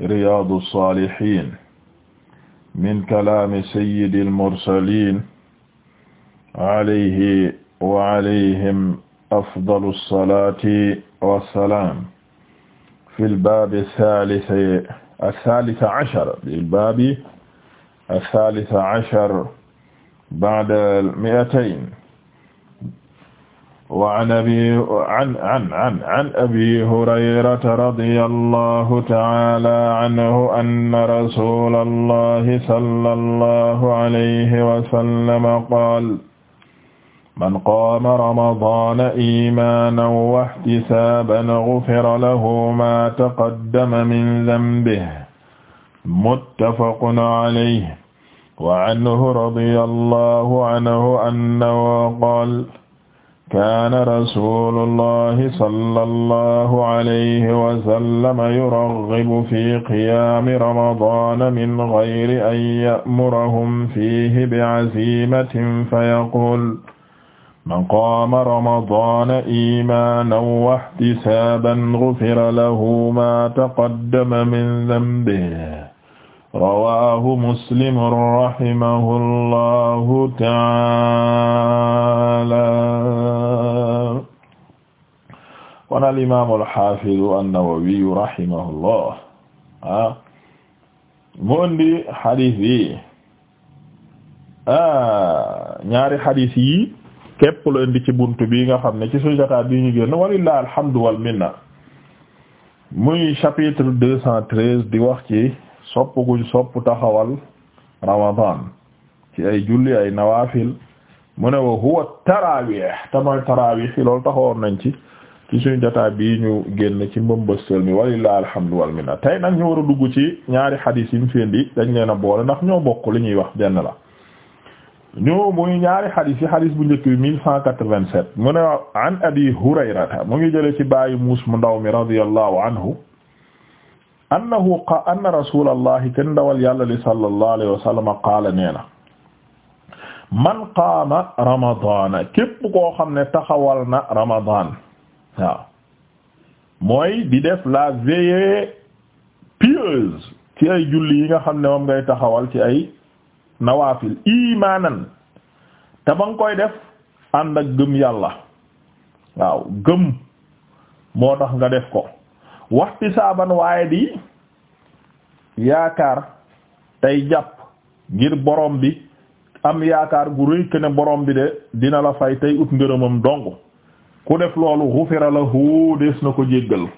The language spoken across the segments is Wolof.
Riyaadu Saalihiin min kalaami sayyidil mursaliin alayhi wa alayhim afdalu salaati wa salaam fil baabi saalisi as-saalisa cashar fil baabi as-saalisa cashar ba'da al-mi'atayn waan abi an an an an abi hurayrata radiyallahu ta'ala anhu anna rasulallahi sallallahu alayhi wa sallam qaala man qaama ramadaana iimaanan wa ihtisaaban gufira lahu maa taqaddama min danbihi muttafaqun alayhi wa anhu radiyallahu anhu annahu qaala kaana rasuulullahi sallallahu alayhi wa sallam yuraghibu fi qiyaami ramadaana min ghayri an ya'murahum fiihi bi'azimatin fayaquul man qaama ramadaana iimaanan wa ihtisaaban ghufira lahu maa taqaddama min dhanbihi rawaahu muslim rahimahullahu taala kon al imaam al ah, mu indi xadis yi ah ñaari xadis ci buntu bi nga xam ne ci suñu jotaay bi ñu génn walillahi alhamdu wal muy chapitre deux cent treize di wax ci. sopp guñ sopp taxawal ramadan ci ay julli ay nawaafil mu ne wa huwa tarawih tamay tarawih yi loolu taxawoon nañ ci ci suñu bii ñu génn ci mbambastal mi walillahi alhamdu wal minna tey nag ñoo war a dugg ci ñaari xadiis yi mu fendi dañ leen a boole ndax ñoo bokk li ñuy wax benn la ñu muy ñaari xadiis yi bu njëkk bi mille cent quatre-vingt-sept mu ne abi hurayrata mu ngi jële ci bàyyi muus mu ndaw mi radiyallahu anhu annahu qa anna rasulallahi kenn dawal yàlla li sallallahu alayhi wa qaala nee na man qaama ramadana képp koo xam ne taxawal na ramadan waaw mooy di def la veillée pieuse ci ay julli yi nga xam ne moom ngay taxawal ci ay nawaafil imaanan te ba koy def ànd gëm yàlla waaw gëm moo tax nga def ko waxti saaban waaye di yaakaar tey jàpp ngir borom bi am yaakaar gu rëy ke ne borom bi de dina la fay tey ut ngërëmam dong ku def loolu xufira lahu des na ko jéggal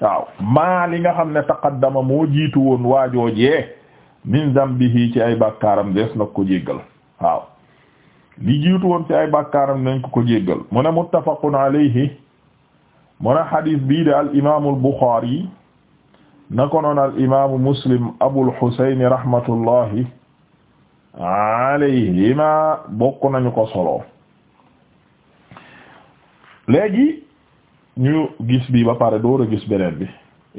waaw maa li nga xam ne taqaddama moo jiitu woon waajoojee bi zambihi ci ay bàkkaaram des na ko jéggal waaw li jiitu woon ci ay bàkkaaram nañ ko ko jéggal mu ne muttafaqun alayhi mu ne xadis bii de al imaamu al Buxaari na ko noon al imaamu Muslim Abul Husayn rahmatullahi alayhima bokk nañu ko solo léegi ñu gis bi ba pare door a gis beneen bi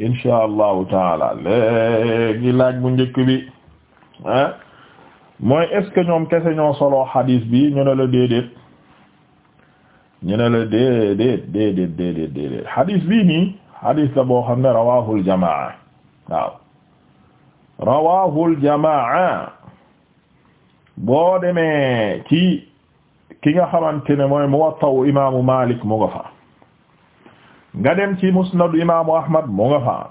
insha allahu taala léegi laaj bu njëkk bi ah mooy est ñoom kese ñoo solo xadis bi ñu ne la déedéet ñu ne la déedéet déedéet déedéet déedéet hadith bii nii boo xam ne rawahul jamaa waaw rawahul ci ki nga xamante ne mooy muwatta imaamu Malik mu nga fa nga dem ci musnadu imaamu Ahmad mu nga fa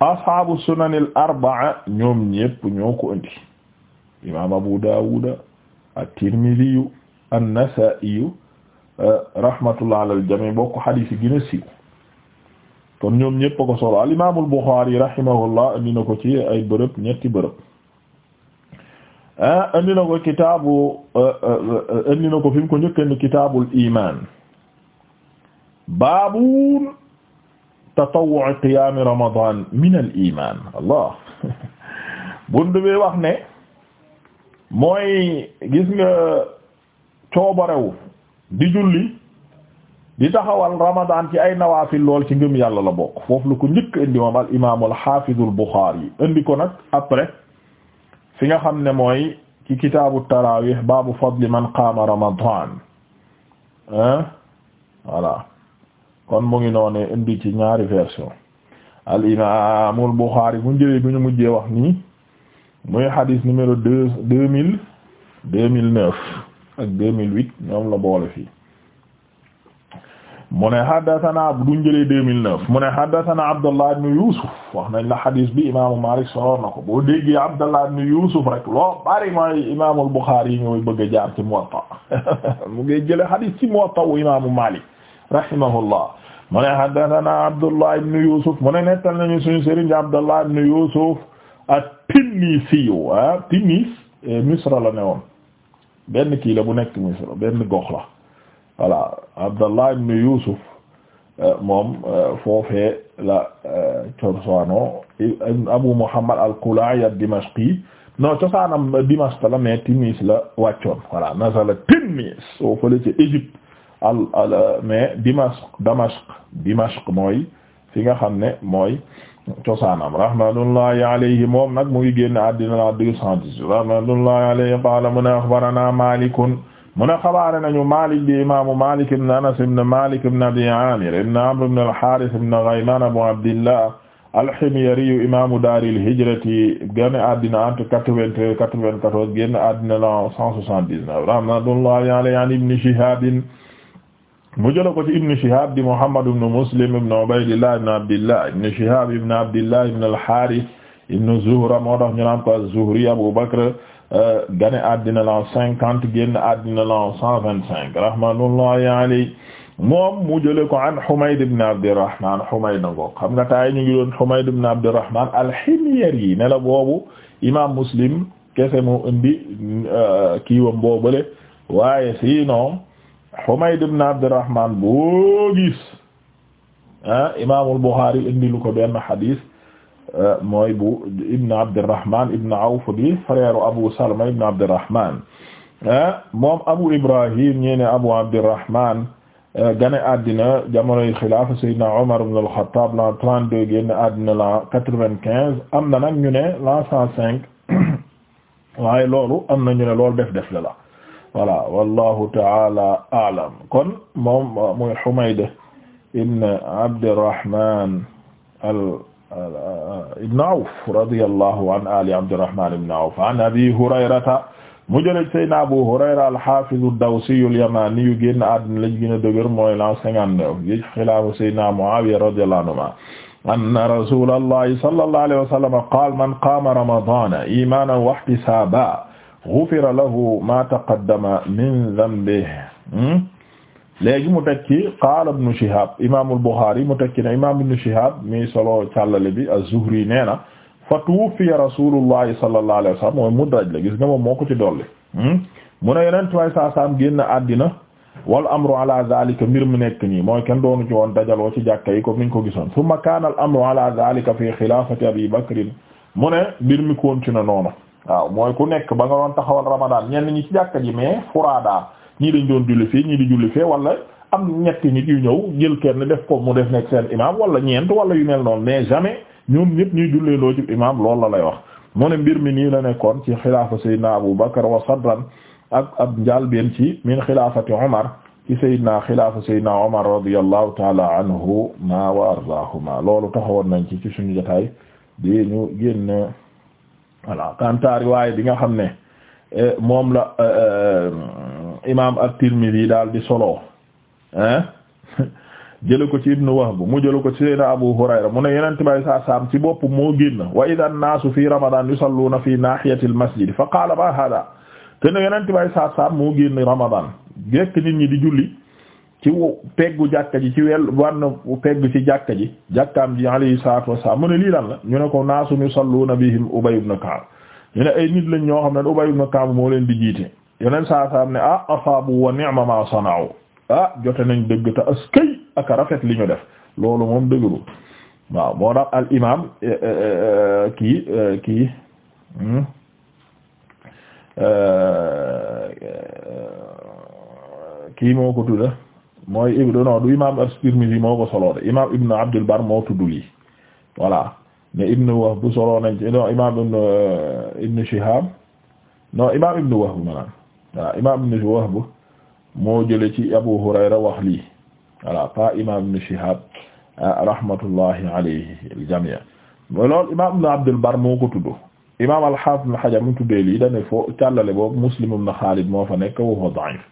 ashaabu sunanil arbaa ñoom ñépp ñoo ko indi imaam Abu Daawuda at-Tirmidhiyu an rahmatullah alal jami bokk xadiis yi kon ñoom ñépp ko solo al imaam al Buxaari rahimahullah indi na ci ay bërëb ñetti bërëb indi ah, na ko kitaabu indi ah, ah, na ko fi ramadaan min al iimaan allah buntu wax ne mooy gis nga coobarewu di julli di taxawal ramadan ci ay nawaafil lool ci ngëm yàlla la bokk foofu la ko njëkk indi moom al imaam al xaafizul indi ko nag après fi nga xam ne mooy ci kitaabu taraawih baabu fadli man qaama ramadan hein voilà kon mu ngi noonee indi ci ñaari version al imaam al Buxaari mu njëlee bi ñu mujjee wax nii muy xadiis numéro deux deux mille neuf ak 2008 ñoom la boole fii mu ne haddathana bu ñu jëlee 2009 mu ne haddathana Abdullah ibn Yusuf wax nañ la hadis bi imaamu Malik soroon na ko boo déggee Abdullah ibn Yusuf rek loo bari mooy imaamul Bukhari yi ñooy bëgg a jaar ci Muwatta mu ngi jëlee hadis ci Muwatta wu imaamu Malik rahimahullah mu ne haddathana Abdullah ibn Yusuf mu ne nettal nañu suñu sëriñ Abdullah ibn Yusuf at-Tinnisi ah Tinnis eh, Misra la ne woon benn kii la bu nekk Misra benn gox la voilà Abdallah ibn Yusuf euh, moom euh, foofee la euh, cosaano Abu Muhammad al-Kula'i ad-Dimashqi non cosaanam Dimashq la mais Tunis la wàccoon voilà nasala Tunis soo fële ci Égypte al al Dimashq Dimashq mooy fi nga xam ne mooy cosaanam rahmatullahi alayhi moom nag mu ngi génn àddina la deux cent dix rahmatullahi alayhi qaala mu ne axbarana malikun mu ne xabaare nañu malik di imaamu malik ibn anas ibn malik ibn abi amir ibn amr ibn al-harith ibn ghaylan abu abdillah al-himyari imaamu daari al-hijrati génn àddina entre quatre-vingt-treize quatre-vingt-quatorze génn àddina la cent soixante-dix-neuf rahmatullahi alayhi an ibn shihab mu jëla ko ci ibn Shihab di Muhammad ibn Muslim ibn Ubaydillah ibn Abdillah ibn Shihab ibn Abdillah ibn al-Harith ibn Zuhra moo tax ñu naan ko az-Zuhri Abu Bakr euh, gane àddina la cinquante génn àddina la cent vingt-cinq rahmatullahi alayhi moom mu jële ko an Humayd ibn Abdirrahman Humayd ngo xam nga tay ñu ngi doon Humayd ibn Abdirrahman al-Himyari ne la boobu imam Muslim kese mu indi euh, kiiwam boobale waaye sinon Humayd ibn Abdurrahman boo gis ah imaamul Bukhari indi lu ko benn xadis eh, mooy bu ibn Abdurrahman ibn Awf di frère Abu Salama ibn Abdurrahman eh, moom Abu Ibrahim ñi ne Abu Abdurrahman eh, gane addina jamonoy xilaafa Seydina Umar ibn al-Khattab l'an 32 génn addina l'an 95 am na nag ñu ne l'an 105 waaye loolu am na ñu ne loolu def def la la. voilà wallahu taala aalam kon moom muy Humayd ibn Abdirrahman al ibn Awf radiyallahu an ali Abdirrahman ibn Awf an Abi Hurayrata mu jële Seydina Abu Hurayra al-Hafiz ad-Dawsi al-Yamani yu génn àddina lañ gën a dëgër mooy lan cinquante-neuf yi xilaafu Seydina Muawiya radiyallahu anhuma anna rasulallahi sallallahu alayhi wa sallam qaala man qaama ramadana imanan wa ihtisaban ghufira lahu ma taqaddama min dhanbihi hmm? léegi mu tekki qaala ibnu Shihab imaamul Bukhari mu tekki ne imaam ibnu Shihab mi solo càllale bi az-Zuhri nee na fa tuwuffiya rasuulullahi sallallahu alayhi wa sallam mooy mudraj la gis nga moom moo ko ci dolli hmm? mu ne yeneen tuwaay saa saam génn àddina wal amru ala zalika mbir mu nekk nii mooy kenn doonu ci woon dajaloo ci jàkka yi comme niñ ko gisoon summa kaana al amru ala zalika fi xilaafati Abi Bakr mu ne mbir mi continué noonu waaw mooy ku nekk ba nga doon taxawal ramadan ñenn ñi ci jàkka ji mais furaada ñii dañ doon julli fii ñii di julli fee wala am ñetti nit yu ñëw jël kenn def ko mu def nekk seen imam wala ñeent wala yu mel noonu mais jamais ñoom ñëpp ñuy jullee loo ci imam loolu la lay wax mu ne mbir mi nii la nekkoon ci xilaafa saydna Abu Bakar wa sadran ak ab njaalbeen ci min xilaafati Umar ci saydna xilaafa saydna Umar radiyallahu taala anhuma wa a loolu taxawoon nañ ci ci suñu jotaay voilà kanta riwaaya bi nga xam ne eh, moom la eh, eh, imaam at-Tirmidhi daal di solo hein jële ko ci Ibn Wahb mu jële ko ci Seydina Abu Hurayra mu ne Yonent bi saa saam ci bopp moo génn wa idha an-naasu fi Ramadan yusalluuna fi naahiyati al-masjid fa qaala ma haadaa te ne Yonent bi saa saam moo génn Ramadan gekk nit ñi di julli ci peggu jàkka ji ci wel wann peggu ci jàkka ji jàkkaam ji alayhi salatu wassalam mu ne lii lan la ñu ne ko naasuñu salluna bihim Ubay ibn Ka'b ñu ne ay nit lañ ñoo xam ne Ubay ibn Ka'b moo leen di jiite yoneen saa saam ne ah asaabu wa ni'ma ma sana'u ah jote nañ dëgg te askay ak rafet li ñu def loolu moom dëggalu waaw moo tax al imaam eh, eh, eh, kii kii hmm? kii moo ko tudda mooy ibnu non du imam as-Tirmidhi moo ko solo de imam ibnu Abdul Bar moo tudd lii voilà ne ibnu Wahb bu solo nañ ci non imam ibnu euh, ibnu Shihab non imam ibnu Wahb maanaam voilà imam ibnu Wahb moo jële ci Abu Hurayra wax lii voilà pas imam ibnu Shihab euh, rahmatullahi alayhi al-jami' loolu imam ibnu Abdul Bar moo ko tudd imam al-Hafiz ibn Hajar mu tuddee lii dañ ne fo càllale boobu Muslim ibn Khalid moo fa nekk wa huwa da'if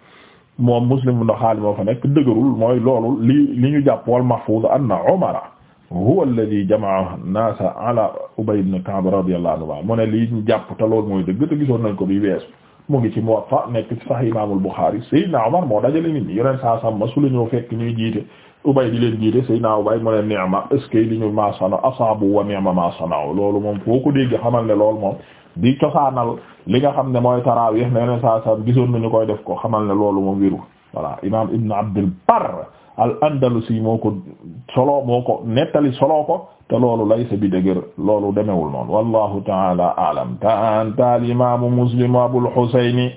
moom Muslim ibn Xaalid moo fa nekk dëgërul mooy loolu li li ñu jàpp wal mahfuuz anna Umara huwa alladhi jama'a an-naasa ala Ubay ibn Ka'b radiyallahu anhu mu ne lii ñu jàpp te loolu mooy dëgg te gisoon nañ ko bi weesu mu ngi ci Muwatta nekk ci Sahih Imaamul Buxaari Seydina Umar moo dajale nit ñi yeneen saa sàmm su la ñëw fekk ñuy jiite ubay di leen jiite Seydina ubay mu ne ni'ma est-ce que li ñu ma sana asaabu wa ni'ma ma sanaaw loolu moom foo ko dégg xamal ne loolu moom di cosaanal li nga xam ne mooy tarawih ne ne saa saa gisoon nañu koy def ko xamal ne loolu moom wiru voilà imam ibn abdul bar al si mo ko solo moo ko nettali solo ko te loolu laysa bi dëgër loolu demewul noonu wallahu taala alam ta antal imamu muslim abul husayni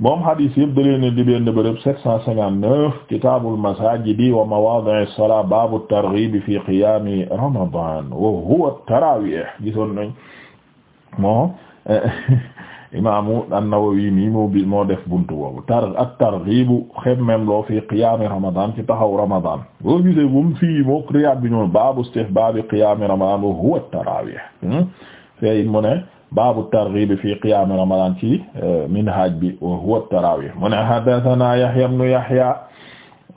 moom hadis yëpp da leen di benn wa mawaadi'is salaa baabu targhiib fi qiyaami ramadaan wa huwa taraawih moo eh, imaamu an-Nawawi mi moo fi qiyaami ramadaan ci taxaw ramadaan boo gisee moom fii moo Riyad bi ñëw ramadaan wa huwa taraawih hmm? fee mu ne baabu targhib fi qiyaam ramadan ci euh, minhaj bi wa huwa tarawih mu ne haddathana yahya ibn yahya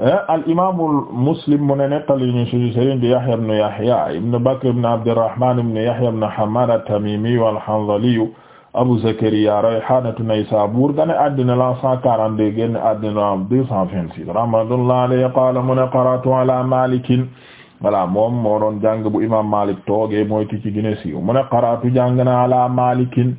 eh, al imaamul muslim mu ne nettali ñu suñu sëriñ di Yahya ibn Yahya ibn Bakr ibn Abdirrahman ibn Yahya ibn Hammad at-Tamimi wal-Hanzali Abu Zakariya rayhaanatu Naysabur gane addina la 142 génn addina la 226 rahmatullahi alayhi qaala mu ne qara'tu ala Malik voilà moom moo doon jàng bu imam Malik toogee mooy ti ci gëna siiw mu ne qaraatu jàng na ala malikin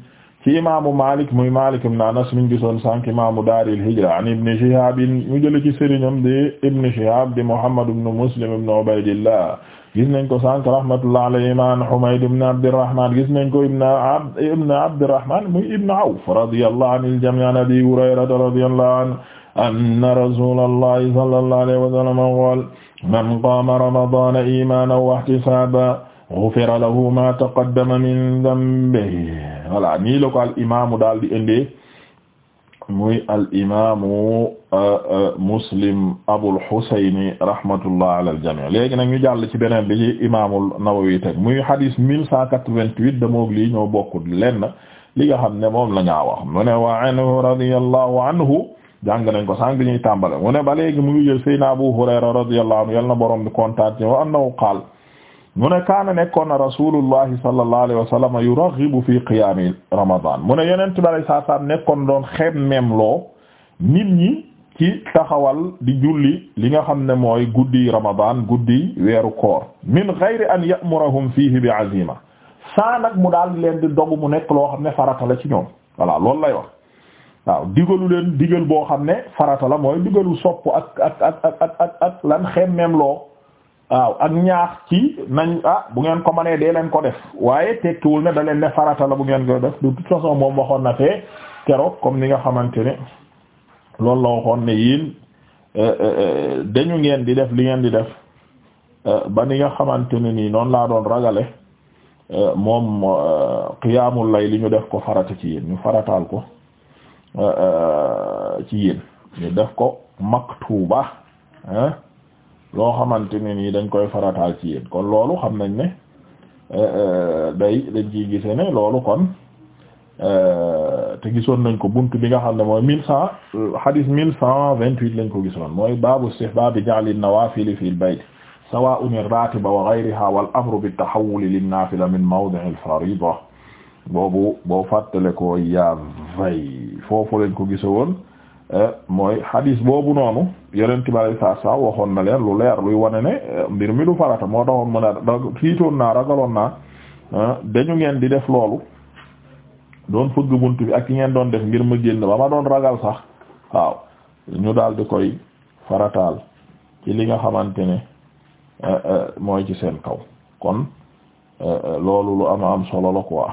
ci imaamu Malik muy Malik ibn Anas min gisoon sànq imaamu daaril hijra an ibn Shihab mu jële ci sëriñam di ibn Shihab di Muhammad ibn Muslim ibn Ubaydillah gis nañ ko sànq rahmatullah alayhi man Humayd ibn Abdirrahman gis nañ ko ibn Abd ibn Abdirrahman muy ibn Awf radiyallahu anil jami' an Abi Hurayrata radiyallahu anhu anna rasulallahi sallallahu alayhi wa sallam qala man qaama ramadaana imaanan wa ihtisaaban gufira lahu maa taqaddama min dambihi voilà nii la ko al imaamu daal di indee muy al imaamu euh, euh, Muslim Abul Husayni rahmatullah ala al jamii léegi nag ñu jàll ci beneen bi ci imaamul Nawawi teg muy hadis mille cent quatre-vingt-huit damoog lii ñoo bokkul lenn li nga xam ne moom la ñaa wax mu ne wa anhu radiyallahu anhu jàng nañ ko sànq ñuy tàmbale mu ne ba léegi mu ngi jël Seydina Abu Hurayra radiyallahu anhu yal na borom bi kontaan ci wa annahu qaal mu ne kaana nekkoon na rasulullahi sallallahu alayhi wa sallam yuraghibu fi qiyaami ramadan mu ne yeneen tubaab saa saa nekkoon doon xeeb meem loo nit ñi ci taxawal di julli li nga xam ne mooy guddi ramadan guddi weeru koor min ghayri an ya'murahum fiihi bi azima saa nag mu daal leen di dogu mu nekk loo xam ne farata la ci ñoom voilà loolu lay waaw digalu leen digal boo xam ne farata la mooy digalu sopp ak ak ak ak ak lan xemmeem loo waaw ak ñaax ci nañ ah bu ngeen ko ma mënee dee leen ko def waaye tekkiwul ne da ne farata la bu ngeen ko def de toute façon moom waxoon na fee keroog comme ni nga xamante ne loolu la waxoon ne yéen euh, euh, euh, dañu ngeen di def li ngeen di def ba ni nga xamante ne nii noonu laa doon ragale moom qiyaamul lay li ñu def ko farata ci yéen ñu farataal ko Euh, ci yéen ñu def ko maktuba loo xamante ne nii dañ koy farataal ci yéen kon loolu xam nañ ne euh, euh, day dañ ciy gise ne loolu kon te gisoon nañ ko buntu bi nga xam ne mooy mille cent hadis mille cent vingt-huit lañ ko gisoon mooy baabu istihbaabi ja'li nawaafili fil bayt sawaa'un ar-raatiba wa ghayriha wal amru bit-tahawwuli lin-naafila min mawdi'i al-fariida boobu boo fàttale ko yaa foofu lañ ko gisa woon eh, mooy hadis boobu noonu yeneen tibaray saa saa waxoon na leer lu leer luy wone ne eh, mbir mi du farata moo taxoon mën a tiitoon naa ragaloon na eh, dañu ngeen di def loolu doon fëgg bunt bi ak ki ngeen doon def ngir ma génn ba ma doon ragal sax waaw ñu daal di koy farataal ci li nga xamante ne mooy ci seen kaw kon loolu lu am am solo la quoi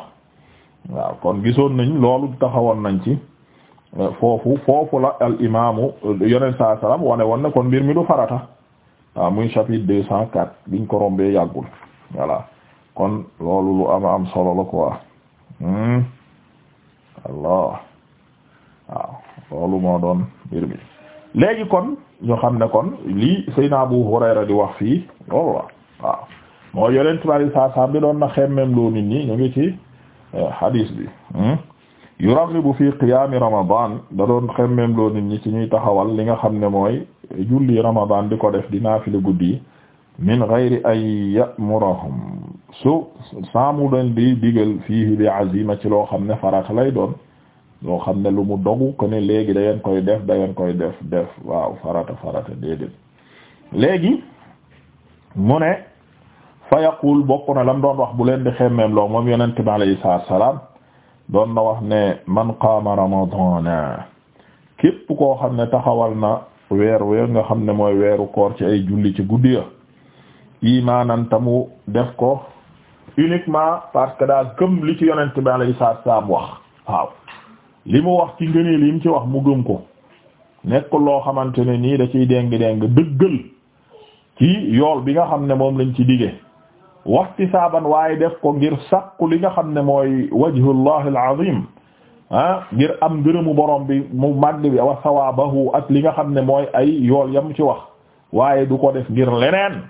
waaw kon gisoon nañ loolu taxawoon nañ ci foofu foofu la al imaamu yoneen saa salaam wane woon ne kon mbir mi du farata waaw ah, muy chapitre deux cent quatre biñ ko rombee yàggul voilà kon loolu lu ama am solo la quoi hmm. allah waaw loolu moo doon mbir mi léegi kon ñu xam ne kon lii Seydina Abu Hurayra di wax fii loolu la waaw moo yoneen tubaab yi saa saa bi doon na xemmem loo nit ñi ñu ngi ci eh, hadis bi. Hmm. yuraghibu fi qiyaami ramadan da doon xemmem loo nit ñi ci ñuy taxawal li nga xam ne mooy julli ramadan di ko def di naafile guddi yi min ghayri an ya'murahum su saamu doon di digal fiihi bi azima ci loo xam ne farata lay doon loo xam ne lu mu dogu ko ne léegi da ngeen koy def da ngeen koy def def waaw farata farata déedéet léegi mu ne fa yaqul bokk lam doon wax bu leen di xemmem loo moom yonent bi alayhi salaam doon na wax ne man qaama ramadana képp koo xam ne taxawal na weer weer nga xam ne mooy weeru koor ci ay julli ci guddi ya imaanan tamu def ko uniquement parce que daal gëm li ci yonent bi alayhi salaatu salaam wax waaw li mu wax ci ngënee li mu ci wax mu gëm ko nekk loo xamante ne nii da ciy déng déng dëggal ci yool bi nga xam ne moom lañ ci dige wahtisaaban waaye def ko ngir sakku li nga xam ne mooy wajhullahi alazim ah ngir am ngërëmu borom bi mu màgg bi wa sawaabahu ak li nga xam ne mooy ay yool yam ci wax waaye du ko def ngir leneen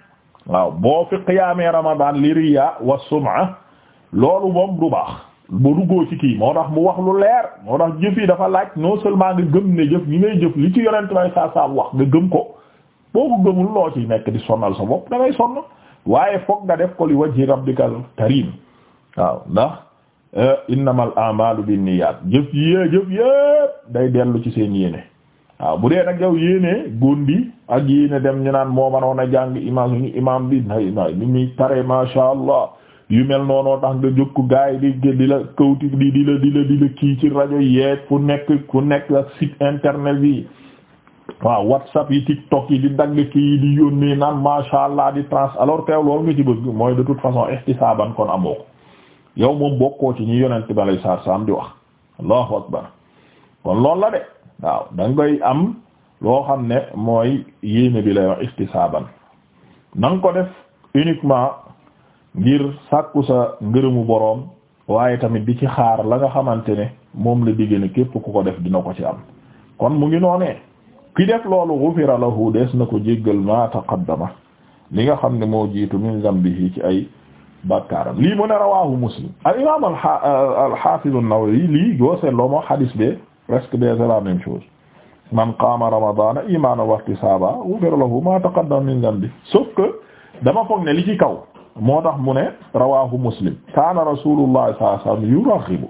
waaw boo fi qiyaamee ramadan li riya wa sum'a loolu moom du baax ba duggoo ci kii moo tax mu wax lu leer moo tax jëf dafa laaj non seulement nga gëm ne jëf yi ngay jëf li ci yonent may saa saa wax nga gëm ko boo ko gëmul loo ciy nekk di sonnal sa bopp da waaye foog nga def ko li wajhi rabbikal karim waaw ndax eh, innamal a'malu binniyat jëf yée jëf yépp day dellu ci seen yéene waaw bu dee nag yow yéene gondi ak yéene dem ñu naan moo manoon a jàng imam suñu imam bi nay nay ni muy tare masha allah yu mel noonoo tax nga jukk gaay di di la kawti di di la di la di la kii ci rajo yeeg fu nekk fu nekk ak site internet bi waaw whatsapp yi tiktok yi di dagg kii di yónnee naan masha allah di trans alors que loolu nga ci bëgg mooy de toute façon ihtisaban kon amoo ko yow moom bokkoo ci ñi yonent bi alayhi salaam di wax allahu akbar kon loolu la de waaw da am loo xam ne mooy yéene bi lay wax ihtisaban na nga ko def uniquement ngir sàkku sa ngërëmu boroom waaye tamit di ci xaar la nga xamante ne moom la digg ne képp ku ko def dina ko ci am kon mu ngi noonee. ki def loolu ghufira lahu des na ko jéggal ma taqaddama li nga xam ne moo jiitu min zambihi ci ay bakkaaram lii mu ne muslim al imam al hafiz an man qaama ramadana imaana wahtisaaba ghufira lahu ma taqaddama min zambihi sauf dama foog ne li ci kaw moo tax mu muslim kaana rasulullah sallallahu alayhi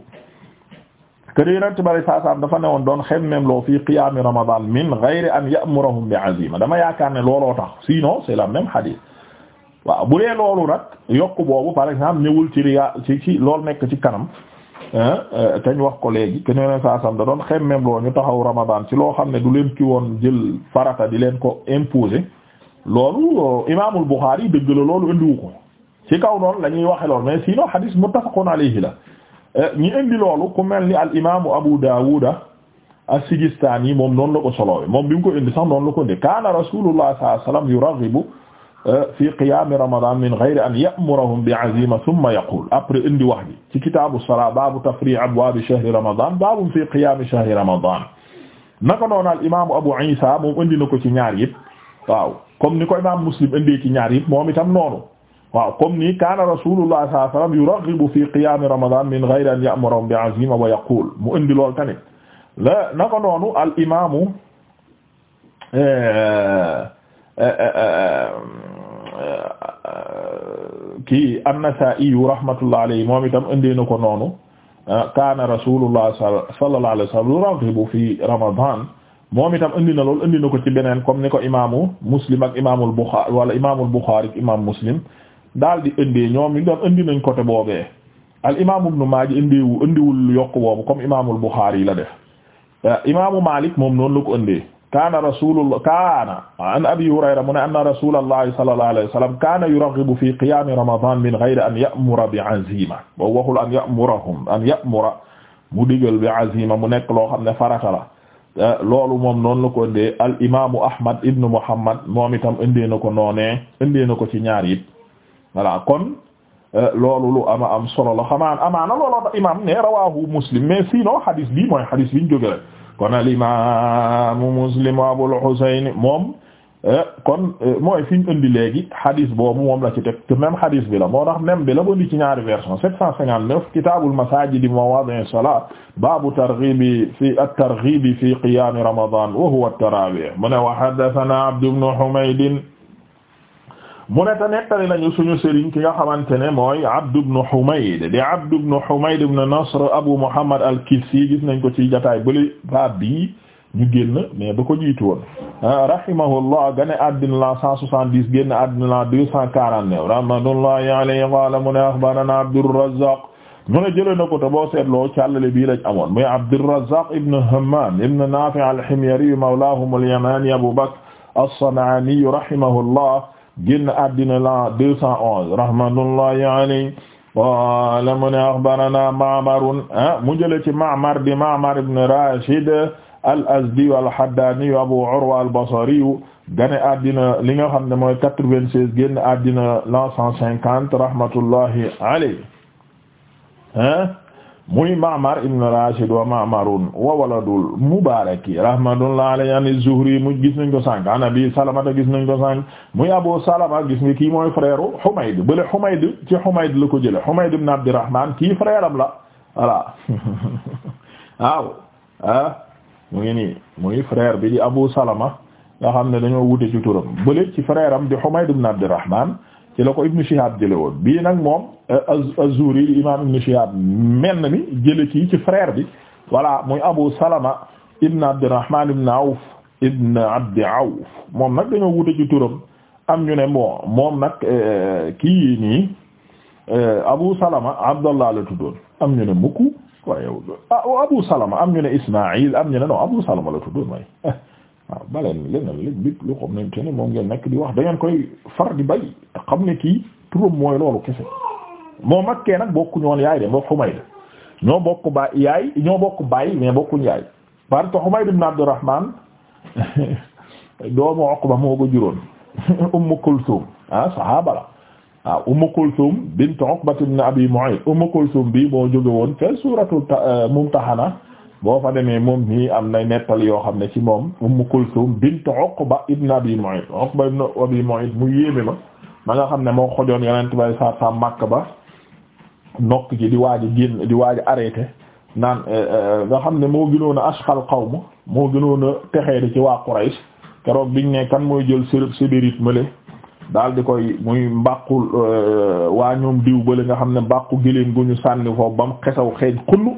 que ne yonent bi saasaam dafa newoon doon xemmeem loo fii qiyaami Ramadan min ghayri an ya'murahum bi azima dama yaakaar ne looloo tax sinon c'est la même waaw bu dee loolu nag yokk boobu par exemple ñëwul ci riyaa ci ci loolu nekk ci kanam euh, te wax ko léegi que ne yonent da doon xemmeem loo ñu taxaw Ramadan ci loo xam ne du leen ci woon jël farata di leen ko imposer loolu euh, Imaamul Bukhari dëgg la loolu indiwu ko ci kaw noonu la ñuy waxe loolu mais sinon hadith muttafaqun alayhi la. Eh, ñi indi loolu ku mel ni al Abu Daawuda as-Sijistaani moom noonu la ko soloowe moom bi ko indi sax noonu la ko indi kaana rasuulullaah sallallaahu alayhi wa sallam yuraghibu eh, fi qiyaami ramadaan min ghayri an ya'murahum bi'aziima thumma yaqul après indi wax ji ci kitaabu salaa baabu tafrii' abwaabi shahri ramadaan baabu fi qiyaami shahri ramadaan naka noonu al imaamu Abu Iisa moom indi na ko ci ñaar yëpp waaw comme ni ko imaam Muslim indee ci ñaar yëpp moom itam noonu. waaw comme nii kaana rasulullah sallallahu alayhi wasallam yuraghibu fi qiyam ramadan min ghayri an ya'murahum bi'azima wa yaqul mu indi lool tamit la naka noonu al imaamu eh, eh, eh, kii an-Nasaa'i rahmatullahi alayhi moom itam indi na ko noonu kaana rasulullah sallallahu alayhi wasallam yuraghibu fi ramadan moom itam indi na lool indi na ko ci beneen comme ni ko imaamu Muslim ak imaamul Buxaari wala imaamul Buxaari ak imaam Muslim daal di indee ñoom ñu doon indi nañ côté boobee al imaamu Ibnu Maaja indiwu indiwul yokk boobu comme imaamul Buxaari yi la def euh, imaamu Maalik moom noonu la ko indee kaana rasulullah kaana an abi hurayra mu ne anna rasulallahi sallallahu alayhi wa sallam kaana yuraghibu fi qiyaami ramadan min ghayri an ya'mura bi azima boobu waxul an ya'murahum an ya'mura mu digal bi azima mu nekk loo xam ne farata la euh, loolu moom noonu la ko indee al imaamu ahmad ibnu muhammad moom itam indee na ko noonee indee na ko ci ñaar it voilà kon euh, loolu lu ama am solo la xamaan amaana looloo tax imaam ne rawaahu muslim mais sinon hadis bi mooy hadis bi ñu jóge rek kon al imaamu muslim abul husayn moom euh, kon euh, mooy fi ñu indi léegi hadis boobu moom la ci teg te même hadis bi la moo tax même bi la ba ndi ci ñaari version 759 kitaabul masaajidi mawaadi'i salaat baabu targhiibi fi at-targhiibi fi qiyaami ramadaan wa huwa at-taraawih mu ne wa haddathanaa abdu ibn humayd mu ne te nettali nañu suñu sëriñ ki nga xamante ne mooy Abd ibn Humayd di Abd ibn Humayd ibn Nasr Abu Muhammad al-Kissi gis nañ ko ci jotaay bële baab bi ñu génn mais ba ko jiitu woon rahimahullah gane àddina la cent soixante-dix génn àddina la deux cent quarante-neuf rahmatullahi alayhi qala ne akhbarana Abdurrazzaq mu ne jëlee na ko te boo seetloo càllale bii lañ amoon muy Abdurrazzaq ibn Hammam ibn Nafi' al-Himyari mawlahum al-Yamani Abu Bakr as-San'ani génn àddina la 211 rahmatullahi alayhi qala mu ne akhbarana Ma'marun ah, mu jële ci Ma'mar di Ma'mar ibn Rashid al-Azdi al-Haddani Abu Urwa al-Basri gane àddina li nga xam ne mooy 96 génn àddina la 150 rahmatullahi alayhi ah, muy Ma'mar ibn Rashid wa Ma'marun wa waladul Mubaraki rahmatullah alayhi an Zuhri mu gis nañ ko sànq an Abi Salama gis nañ ko sànq muy Abu Salama gis nga kii mooy frère Humayd bële Humayd ci Humayd la ko jële Humayd ibn Abdurrahman kii frère am la voilà waaw ah mu ngi nii muy frère bi di Abu Salama nga xam ne dañoo wute ci turam bële ci frère di Humayd ibn Abdurrahman ci la ko Ibn Shihab jële woon bi nag moom euh, Az-Zuhri imam Ibn Shihab menn mi jële kii ci frère bi voilà muy Abu Salama ibn Abdurrahman ibn Awf ibn Abd Awf moom nag dañoo wute ci turam am ñu ne moo moom nag euh, kii nii euh, Abu Salama Abdallah la tuddoon am ñu ne mukk waaye ah, oh, Abu Salama am ñu ne Ismaïl am ñu ne non Abu Salama la tuddoon waaye waaw baleen leneen lépp lu xam ne te ni moom ngeen nekk di wax dangeen koy far di bay xam ne kii turam mooy loolu kese moo makkee nag bokkuñu woon yaay de moo Humayd ñoo bokk baay yaay ñoo bokk baay mais bokkuñ yaay parce que Humayd ibn Abdurrahman doomu Uqba moo ko juróon Umm Kulthum ah sahaaba la waaw ah, Umm Kulthum bint Uqba ibn Abi Mu'ayt Umm Kulthum bi moo eh, moom mii am na nettali yoo xam ne ci moom Umm Kulthum bint Uqba ibn Abi Mu'ayt Uqba mu yéeme ma ma nga xam ne moo xojoon yonent bay saa saa màkk ba nokk ji di waaj a génn di waaj a arrêté naan eh, eh, nga xam ne moo gënoon a ashqal qawm moo gënoon a texee di ci waa Quraysh keroog biñ ne kan mooy jël sérëb sédérit male daal di koy muy mbàqu eh, waa ñoom diw bale nga xam ne mbàqu gëléem gu ñu sànni foofu ba mu xesaw xeeñ xunn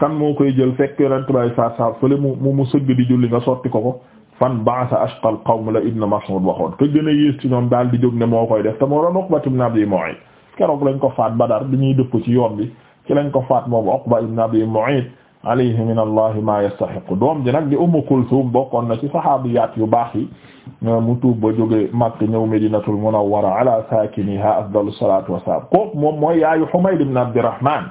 kan moo koy jël fekk yonent bay saa saa fële mu mu sëgg di julli nga sotti ko ko fan ba'sa ashqa al qawm la Ibn Mas'ud waxoon te gën a yées ci ñoom daal di jóg ne moo koy def te moo doon Uqba ibn Abi Mu'ayt keroog lañ ko faat Badar bi ñuy dëpp ci yoon bi ci lañ ko faat moom Uqba ibn Abi Mu'ayt alayhi min allahi ma yastahiqu doom ji nag di Umm Kulthum bokkoon na ci saxaabiyaat yu baax yi mu tuub ba jóge Makka ñëw Madinatul Munawwara ala saakiniha afdalu salaatu wassalaam kooku moom mooy yaayu Humayd ibn Abdurrahman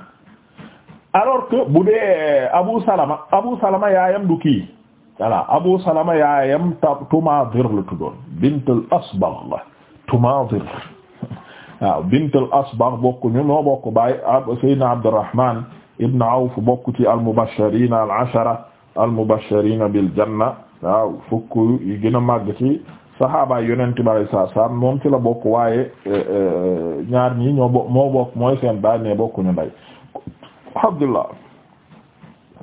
alors que bu dee Abu Salama Abu Salama yaayam du kii voilà Abu Salama yaayam ta Tumaadir la tuddoon bintul Asbagh la Tumaadir waaw bintul Asbagh bokk ñu moo bokk baay Sayyidina Abdurrahman ibn Awf bokk ci al-mubashshirina al-ashara al-mubashshirina bil janna waaw fukk yu gën a màgg ci saxaabaay Yonent bi sallallahu alayhi wasallam moom ci la bokk waaye eh, eh, ñaar ñii ñoo bokk moo bokk mooy seen baay ne bokkuñu ndey Abdullah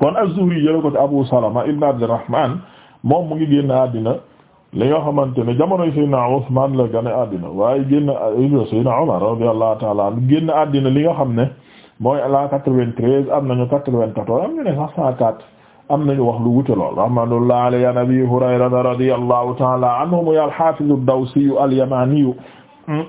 kon az-Zuhri jële ko ci Abu Salama ibn Abdurrahman moom mu ngi génn àddina li nga xamante ne jamonoy Seydina Usman la gane àddina waaye génn eh, Seydina Umar génn àddina li nga xam ne mooy la 93 am nañu 94 am ñu wax lu wute lool rahmatullahi alayhi an Abi Hurayrata radiyallahu ta'ala anhu muy al-Hafiz ad-Dawsi al-Yamani hmm,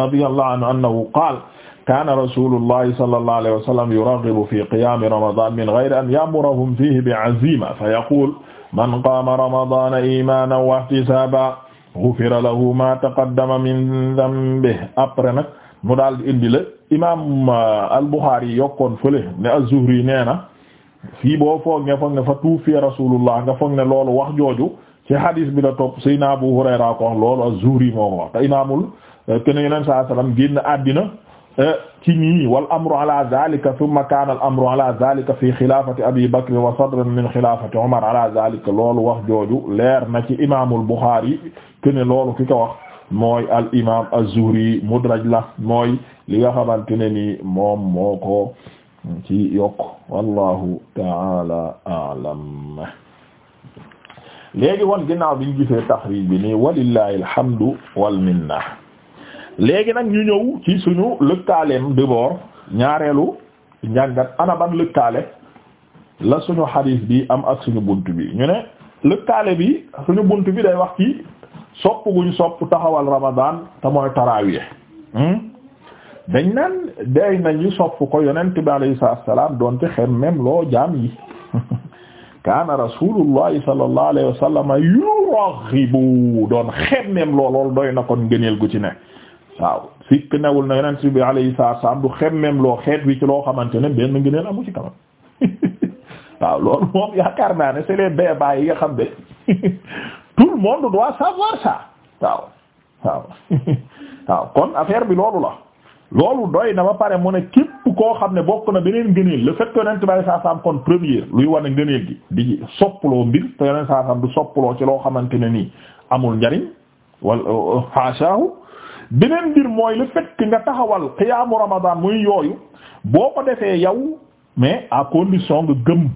radiyallahu anhu annahu qaala kaana rasuulullahi sallallahu alayhi wa sallam yuraghibu fi qiyaami ramadaan min ghayri an ya'murahum fiihi bi'aziima fayaquulu man qaama ramadaana iimaanan wa ihtisaaban ghufira lahu maa taqaddama min dhanbihi après nag mu daal di indi la imaam euh, al-Buxaari yokkoon fële ne az-Zuhri nee na fii boo foog nga foog ne fa tuufiya rasuulullah nga foog ne loolu wax jooju ci hadis bi la topp Seydina Abu Hurayra ko loolu az-Zuhri moo ko wax te imaamul keneen yeneen saa salaam génn àddina. ci nii wal amru ala zalika thumma kaana al amru ala zalika fi xilaafati abi bakr wa sadran min xilaafati umar ala zalika loolu wax jooju leer na ci imaamul buxaari kene loolu ki ko wax mooy al imaam az-zuhri mudraj la mooy li nga xamante ne ni moom moo ko ci yokk wallahu taala aalam léegi won ginnaaw biñ gisee taxriij bi nii walillahi alhamdu wal minna léegi nag ñu ñëw ci suñu lëkkaaleem d'abord ñaareelu njàngat ana ban lëkkaale la suñu hadith bi am ak suñu bunt bi ñu ne lëkkaale bi suñu bunt bi day wax ci sopp guñ sopp taxawal ramadan te mooy tarawih hmm? dañ naan day nañu sopp ko yonent bi alayhi salaam doon te xem même loo jaam yi kaana rasulullahi sallallahu alayhi wa sallam bu doon xem loo lool doy na kon ngëneel gu ci ne waaw sikk newul na yonent bi alayhi salaam du xemmem loo xeet wi ci loo xamante ne benn ngi neen amu ci kanam waaw loolu moom yaakaar naa ne c'est les bébés yi nga xam ne tout le monde doit savoir ça waaw waaw waaw kon affaire bi loolu la loolu doy na ba pare mu ne képp koo xam ne bokk na beneen ngëneel le fait que yonent bi alayhi salaam kon première luy wane ngëneel gi di soppaloo mbir te yonent salaam du soppaloo ci loo xamante ne nii amul njariñ wala euh, euh, beneen mbir mooy le fait que nga taxawal xiyaamu ramadan muy yooyu boo ko defee yow mais à condition nga gëm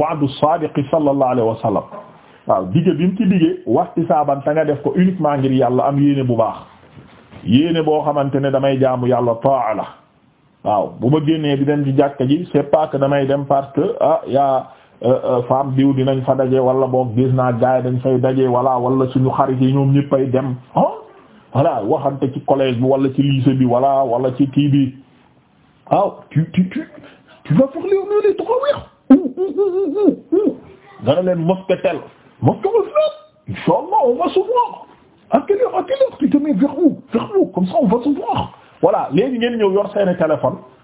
wa'du sadiqi sallallahu alayhi wa sallam waaw dige bi mu ci dige waxti saaban ta nga def ko uniquement ngir yàlla am yéene bu baax yéene boo xamante ne damay jaamu yàlla taa la waaw bu ma génnee di dem ci jàkka ji c'est pas que damay dem parce que ah yaa euh, euh, femme diw dinañ fa daje wala boo gis naa gaay dañ fay daje wala walla suñu xarit yi ñoom ñëppay dem ah! voilà waxante ci collège bi wala ci lycée bi wala wala ci kii bi waaw tu tu tu tu vas parler au nom des trois wér. dana leen mosquetel mosquetel inchallah on va se voir à quelle heure à quelle heure tu te mets vers où vers où comme ça on va se voir voilà léegi ngeen ñëw yor seen téléphone.